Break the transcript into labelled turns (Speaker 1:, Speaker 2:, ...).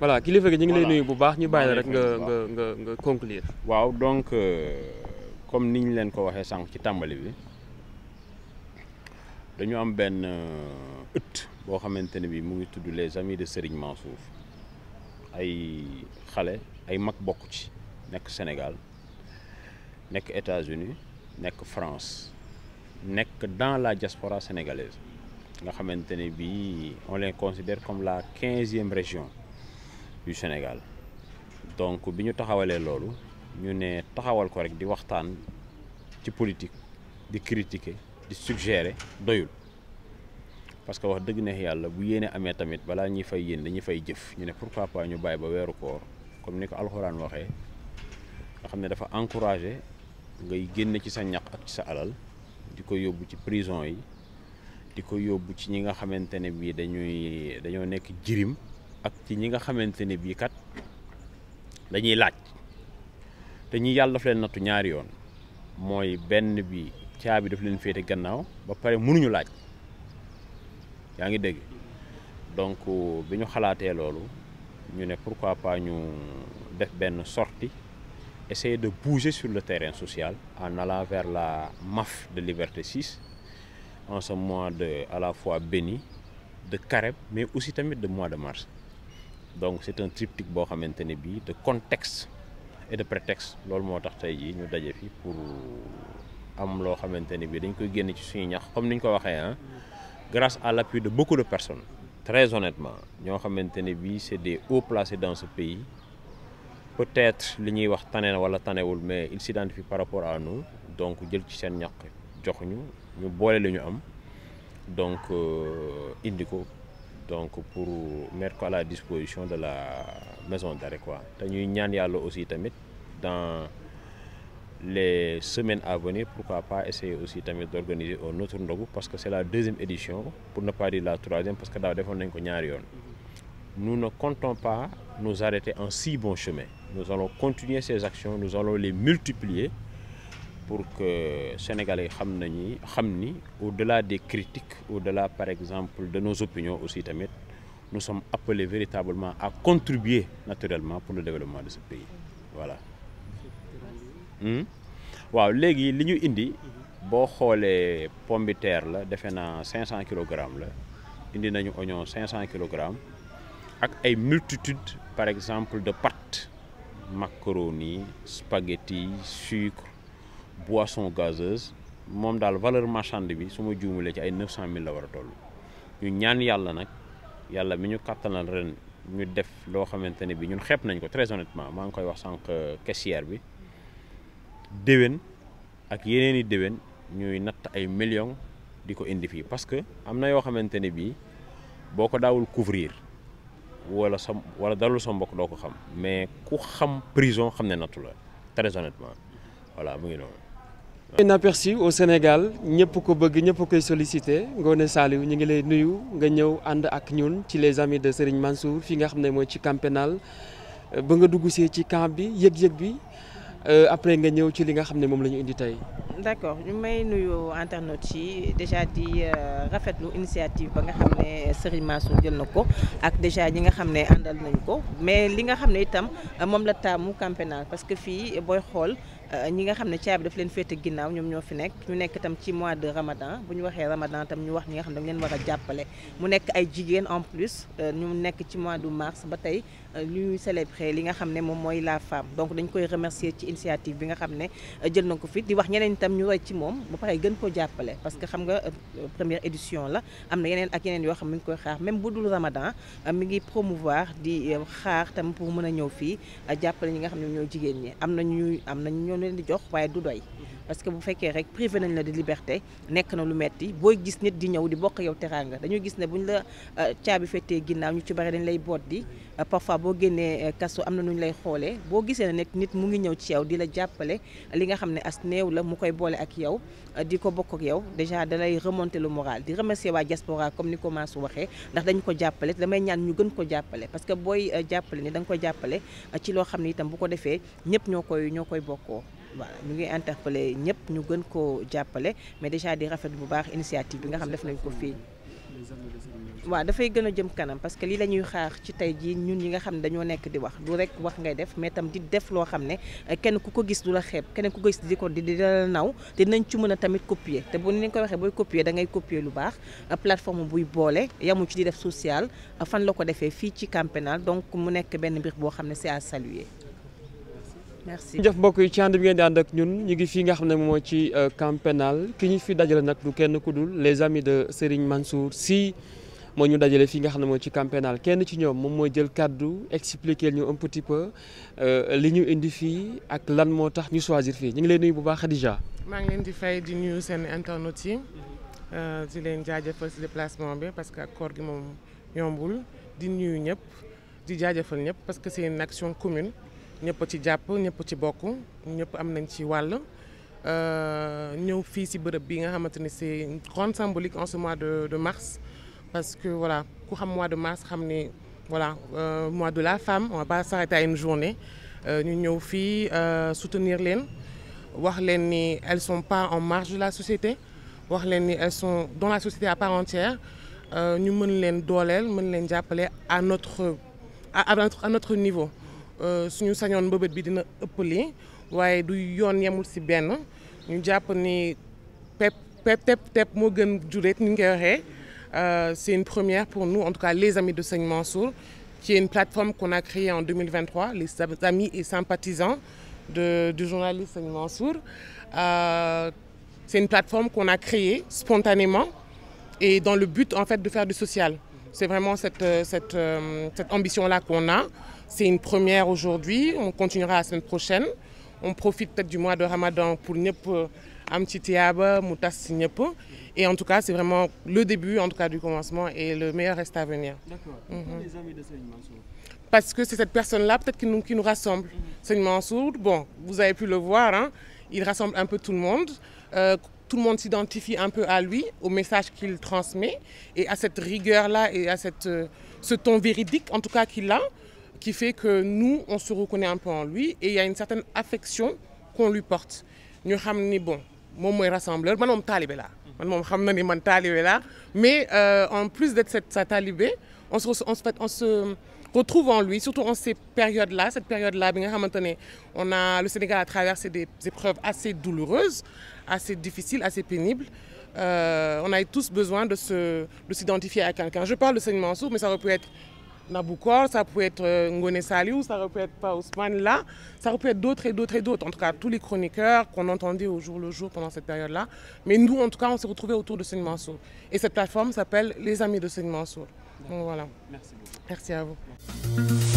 Speaker 1: voilà kilifa gi ñu ngi lay nuyu bu baax ñu bàyyi la rek nga nga nga
Speaker 2: nga conclure. waaw donc euh, comme ni ñu leen ko waxee sànq ci tàmbali bi dañu am benn euh, ëtt boo xamante ne bi mu ngi tudd les amis de Serigne Mansour ay xale ay mag bokk ci nekk Sénégal nekk États-Unis nekk France nekk dans la diaspora sénégalaise nga xamante ne bi on les considère comme la quinzième région yu Sénégal donc bi ñu taxawalee loolu ñu ne taxawal ko rek di waxtaan ci politique di critiquer di suggérer doyul parce que wax dëgg neex yàlla bu yéene amee tamit balaa ñuy fay yéen dañuy fay jëf ñu ne pourquoi pas ñu bàyyi ba weeru koor comme ni ko alxuraan waxee nga xam ne dafa encouragé ngay génn ci sa ñaq ak ci sa alal di ko yóbbu ci prison yi di ko yóbbu ci ñi nga xamante ne bii dañuy dañoo nekk jirim ak ci ñi nga xamante ne bii kat dañuy laaj te ñi yàlla daf leen nattu ñaari yoon mooy benn bi caabi daf leen féete gannaaw ba pare mënuñu laaj yaa ngi dégg donc bi ñu xalaatee loolu ñu ne pourquoi pas ñu def benn sortie essayer de bouger sur le terrain social en allant vers la MAF de Liberté 6 en ce mois de à la fois béni de carême mais aussi tamit de mois de mars donc c'est un triptyque boo xamante ne bii de contexte et de prétexte loolu moo tax tey jii ñu daje fi pour am loo xamante ne bii dañ koy génn ci suñu ñax comme ni ñu ko waxee ah grâce à l'appui de beaucoup de personnes très honnêtement ñoo xamante ne bii c'est des hauts placés dans ce pays peut-être li ñuy wax tane na wala tanewul mais ils s'identifient par rapport à nous donc jël ci seen ñax jox ñu ñu boole li ñu am donc euh, indi ko. donc pour mettre ko à la disposition de la maison d'arrêt quoi te ñuy ñaan yàlla aussi tamit dans les semaines à venir pourquoi pas essayer aussi tamit d'organiser un autre ndogu parce que c'est la deuxième édition pour ne pas la troisième parce que daaw defoon nañ ko ñaari yoon nu ne comptons pas nu arrêter en si bon chemin nous allons continuer ces actions nu allons les multiplier pour que sénégalais xam nañu xam ni au-delà des critiques au-delà par exemple de nos opinions aussi tamit nous sommes appelés véritablement à contribuer naturellement pour le développement de ce pays voilà. Hmm? waaw léegi li ñu indi boo xoolee pomme la defe naa 500 kilogrammes la indi nañu oignon 500 kilogrammes ak ay multitude par exemple de pâtes macaroni spaghetti sucre. boisson gazeuse moom daal valeur marchande bi suma ma juumulee ci ay 900000 la war a toll ñu ñaan yàlla nag yàlla mi ñu kattanal ren ñu def loo xamante ne bi ñun xeeb nañ ko très honnêtement maa ngi koy wax sànq euh, caissière bi déwén ak yeneen i déwén ñuy natt ay millions di ko indi fii parce que am na yoo xamante ne bii boo ko daawul couvrir wala sa wala dalul sa mbokk doo ko xam mais ku xam prison xam ne nattu la très honnêtement voilà mu ngi noonu.
Speaker 1: inaperçu au Sénégal ñëpp ko bëgg ñëpp koy sollicité Ngoné Saliou ñu ngi lay nuyu nga ñëw ànd ak ñun ci les amis de Serigne Mansour fi nga xam ne mooy ci camp euh, ba nga dugg see ci camp bi yëg-yëg bi euh, après nga ñëw ci li nga xam ne moom la ñu indi tey.
Speaker 3: d'accord ñu may nuyu internautes yi déjà di euh, rafetlu initiative ba nga xam ne Serigne Mansour jël na ko ak déjà ñi nga xam ne àndal nañ ko mais li nga xam ne itam moom la taamu camp pénal parce que fii booy xool. Euh, ñi nga xam ne caabi daf leen féete ginnaaw ñoom ñoo fi nekk ñu nekk tam ci mois de ramadan bu ñu waxee ramadan tam ñu wax ñi nga xam ne leen war a jàppale mu nekk ay jigéen en plus euh, ñu nekk ci mois de mars ba tey ñuy célébrer li nga xam ne moom mooy la femme donc dañ koy remercier ci initiative bi nga xam ne euh, jël na ko fi di wax ñeneen itam ñu roy ci moom ba pare gën ko jàppale parce que xam nga euh, euh, première édition la am na yeneen ak yeneen yoo xam ne ngi koy xaar même bu dul Ramadan mi ngi promouvoir di xaar tam pour mën a ñëw fii jàppale ñi nga xam ne ñoo jigéen ñi am na ñuy am na ñoo leen di jox waaye du doy parce que bu fekkee rek privé nañ la di liberté nekk na lu metti booy gis nit di ñëw di bokk yow teraanga dañu gis ne bu ñu la euh, caabi fettee ginnaaw ñu ci bari dañ lay boot di euh, parfois boo génnee euh, kaso am na nu ñu lay xoolee boo gisee ne nit mu ngi ñëw ci yow di la jàppale li nga xam ne as néew la mu koy boole ak yow di ko bokk ak yow déjà dalay remonter lu moral di remercier waa diaspora comme ni ko Mansour waxee ndax dañu ko jàppale damay ñaan ñu gën ko jàppale parce que booy jàppale ni da koy jàppale ci loo xam ne itam bu ko defee ñëpp ñoo koy ñoo koy bokkoo voilà ñu ngi interpellé ñëpp ñu gën koo jàppale mais déjà di rafet bu baax initiative bi nga xam def nañ ko fii waaw dafay gën a jëm kanam parce que lii la ñuy xaar ci tey jii ñun yi nga xam ne dañoo nekk di wax du rek wax ngay def mais tam di def loo xam ne eh, kenn ku ko gis du la xeeb kenn ku ko gis di ko di la naw te dinañ ci mën a tamit copier te bu ni ñu ko waxee booy koppiye da ngay lu baax eh, plateforme buy boole yamu ci di def social eh, fan la ko defee fii ci camp donc mu nekk benn mbir boo xam ne c'est à saluer merci jëf
Speaker 1: mbokk yi ci ànd bi ngeen di ànd ak ñun ñu ngi fii nga xam ne moo ci euh, camp ki ñu fi dajale nag du kenn ku dul les amis de Serigne Mansour Sy moo ñu dajale fii nga xam ne mooy ci camp kenn ci ñoom moom mooy jël kàddu expliquer ñu un petit peu euh, li ñu indi fii ak lan moo tax ñu choisir fii ñu ngi leen nuyu bu baax Khadija. maa ngi leen di fay di nuyu seen internet yi euh, di leen jaajëfal si déplacement bi parce que ak koor gi moom yombul di nuyu ñëpp di jaajëfal ñëpp parce que c'est une commune. ñëpp ci jàpp ñëpp ci bokk ñëpp am nañ ci wàll euh, ñëw fii si bërëb bi nga xamante ni c'est une grande symbolique en ce mois de de mars parce que voilà ku xam mois de mars xam ni voilà euh, mois de la femme on va pas s'arrêter à une journée euh, ñu ñëw fii euh, soutenir leen wax leen ni elles sont pas en marge de la société wax leen ni elles sont dans la société à part entière ñu mën leen dooleel mën leen jàppale à notre à, à notre à notre niveau Euh, suñu sañoon mbëbët bi dina ëpp lii waaye du yoon yemul si benn ñu jàpp ni pep pep tep tep moo gën jureet ni ñu koy waxee euh, c'est une première pour nous en tout cas les amis de Serigne Mansour qui est une plateforme qu'on a créée en 2023 les amis et sympathisants de du journaliste Serigne Mansour euh, c'est une plateforme qu'on a créée spontanément et dans le but en fait de faire du social C'est vraiment cette, euh, cette, euh, cette ambition-là qu'on a. C'est une première aujourd'hui, on continuera la semaine prochaine. On profite peut du mois de Ramadan pour ñëpp euh, am ci tiyaaba mu tas ñëpp. Et en tout cas, c'est vraiment le début en tout cas du commencement et le meilleur reste à venir. Mhm. Parce que c'est cette personne-là peut-être qui nous, rassemble. Mhm. Serigne Mansour, vous avez pu le voir il rassemble un peu tout le monde. tout le monde s'identifie un peu à lui, au message qu'il transmet, et à cette rigueur-là et à cette, euh, ce ton véridique, en tout cas qu'il a, qui fait que nous, on se reconnaît un peu en lui, et il y a une certaine affection qu'on lui porte. Nous savons bon, moom mooy rassembleur man moom taalibe laa man moom xam na ni man taalibe laa mais euh, en plus d'être cette sa taalibe on se on se on se retrouve en lui, surtout en ces périodes-là, cette période-là, on a, le Sénégal a traversé des épreuves assez douloureuses, assez difficiles, assez pénibles. Euh, on a tous besoin de s'identifier de à quelqu'un. Je parle de Seigneur Mansour, mais ça aurait pu être Naboukor, ça peut être euh, Ngone pas Ousmane là, ça peut être d'autres et d'autres et d'autres. En tout cas, tous les chroniqueurs Mais nous, en tout cas, on s'est retrouvés autour de Seigneur Mansour. Et cette plateforme s'appelle Les Voilà. Merci beaucoup. Merci à vous.